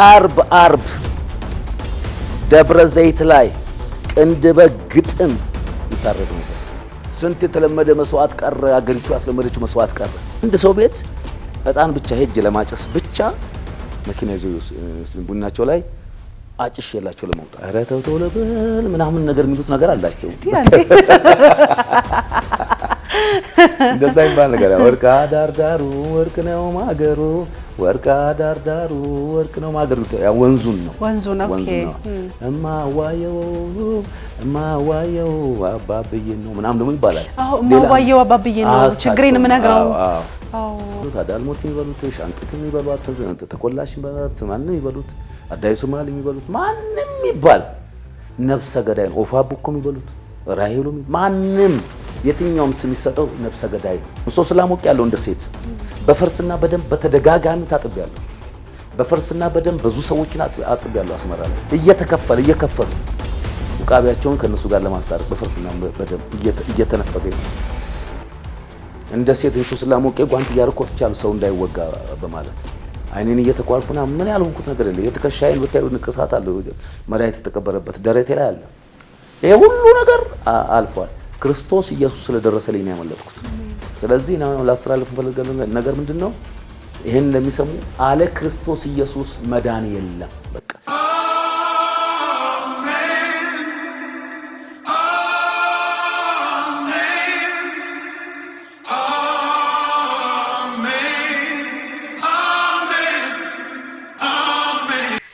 አርብ አርብ ደብረ ዘይት ላይ ቅንድበ ግጥም ይታረድ ነበር። ስንት የተለመደ መስዋዕት ቀረ። አገሪቱ ያስለመደችው መስዋዕት ቀረ። አንድ ሰው ቤት እጣን ብቻ ሄጅ ለማጨስ ብቻ መኪና ይዞ ቡናቸው ላይ አጭሽ የላቸው ለመውጣት ኧረ ተው ተው ለበል ምናምን ነገር የሚሉት ነገር አላቸው። እንደዛ ይባል ነገር ወርቅ ዳር ዳሩ ወርቅ ነው ማገሩ ወርቃ ዳርዳሩ ወርቅ ነው ማገርግታ ያ ወንዙን ነው ወንዙን ነው እማ እማዋየው እማ ነው ምናምን ደግሞ ይባላል። አዎ ነው ችግሬን የምነግረው። የሚበሉት የሚበሏት የሚበሏት ማንም የሚበሉት አዳይ የሚበሉት ማንም ይባል ነፍሰ ገዳይ ነው ኦፋ ቡኮ የሚበሉት ራሄሉ ማንም የትኛውም ስም ይሰጠው ነብሰ ገዳይ ነው። እሶ ስላሞቅ ያለው እንደ ሴት በፈርስና በደም በተደጋጋሚ ታጥብ ያለው በፈርስና በደም ብዙ ሰዎችን አጥብ ያለው አስመራ ላይ እየተከፈለ እየከፈሉ ውቃቢያቸውን ከእነሱ ጋር ለማስታረቅ በፈርስና በደም እየተነፈገ እንደ ሴት እሱ ስላሞቄ ጓንት እያደረኩ ወጥቻለሁ፣ ሰው እንዳይወጋ በማለት አይኔን እየተኳልኩና ምን ያልሆንኩት ነገር የለ። የትከሻዬን ብታዩ ንቅሳት አለ፣ መድኃኒት የተቀበረበት ደረቴ ላይ አለ። ይሄ ሁሉ ነገር አልፏል። ክርስቶስ ኢየሱስ ስለደረሰልኝ ነው ያመለጥኩት። ስለዚህ ነው ላስተላልፍ ፈልገው ነገር ምንድን ነው? ይህን ለሚሰሙ አለ ክርስቶስ ኢየሱስ መዳን የለም።